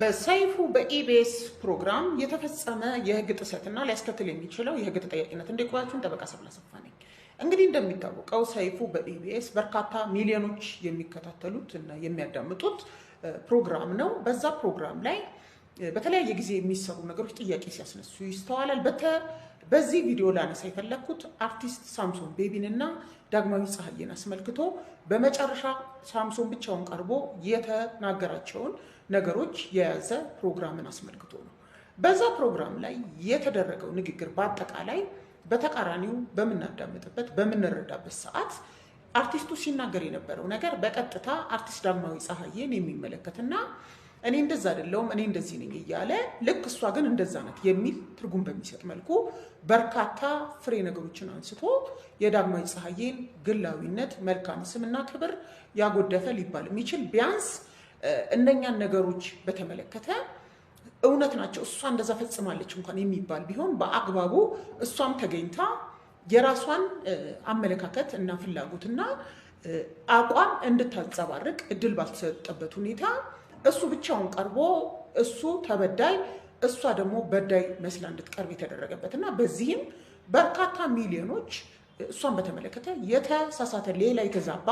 በሰይፉ በኢቢኤስ ፕሮግራም የተፈጸመ የህግ ጥሰትና ሊያስከትል የሚችለው የህግ ተጠያቂነት እንዲቆያችሁን ጠበቃ ሰብለ ሰፋ ነኝ። እንግዲህ እንደሚታወቀው ሰይፉ በኢቢኤስ በርካታ ሚሊዮኖች የሚከታተሉት እና የሚያዳምጡት ፕሮግራም ነው። በዛ ፕሮግራም ላይ በተለያየ ጊዜ የሚሰሩ ነገሮች ጥያቄ ሲያስነሱ ይስተዋላል። በዚህ ቪዲዮ ላነሳ የፈለግኩት አርቲስት ሳምሶን ቤቢን እና ዳግማዊ ፀሐይን አስመልክቶ በመጨረሻ ሳምሶን ብቻውን ቀርቦ የተናገራቸውን ነገሮች የያዘ ፕሮግራምን አስመልክቶ ነው። በዛ ፕሮግራም ላይ የተደረገው ንግግር በአጠቃላይ በተቃራኒው በምናዳምጥበት በምንረዳበት ሰዓት አርቲስቱ ሲናገር የነበረው ነገር በቀጥታ አርቲስት ዳግማዊ ፀሐይን የሚመለከትና እኔ እንደዛ አይደለውም እኔ እንደዚህ ነኝ እያለ ልክ እሷ ግን እንደዛ ናት የሚል ትርጉም በሚሰጥ መልኩ በርካታ ፍሬ ነገሮችን አንስቶ የዳግማዊ ፀሐዬን ግላዊነት፣ መልካም ስምና ክብር ያጎደፈ ሊባል የሚችል ቢያንስ እነኛን ነገሮች በተመለከተ እውነት ናቸው እሷ እንደዛ ፈጽማለች እንኳን የሚባል ቢሆን በአግባቡ እሷም ተገኝታ የራሷን አመለካከት እና ፍላጎትና አቋም እንድታንጸባርቅ እድል ባልተሰጠበት ሁኔታ እሱ ብቻውን ቀርቦ እሱ ተበዳይ እሷ ደግሞ በዳይ መስላ እንድትቀርብ የተደረገበት እና በዚህም በርካታ ሚሊዮኖች እሷን በተመለከተ የተሳሳተ ሌላ የተዛባ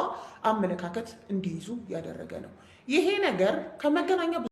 አመለካከት እንዲይዙ ያደረገ ነው። ይሄ ነገር ከመገናኛ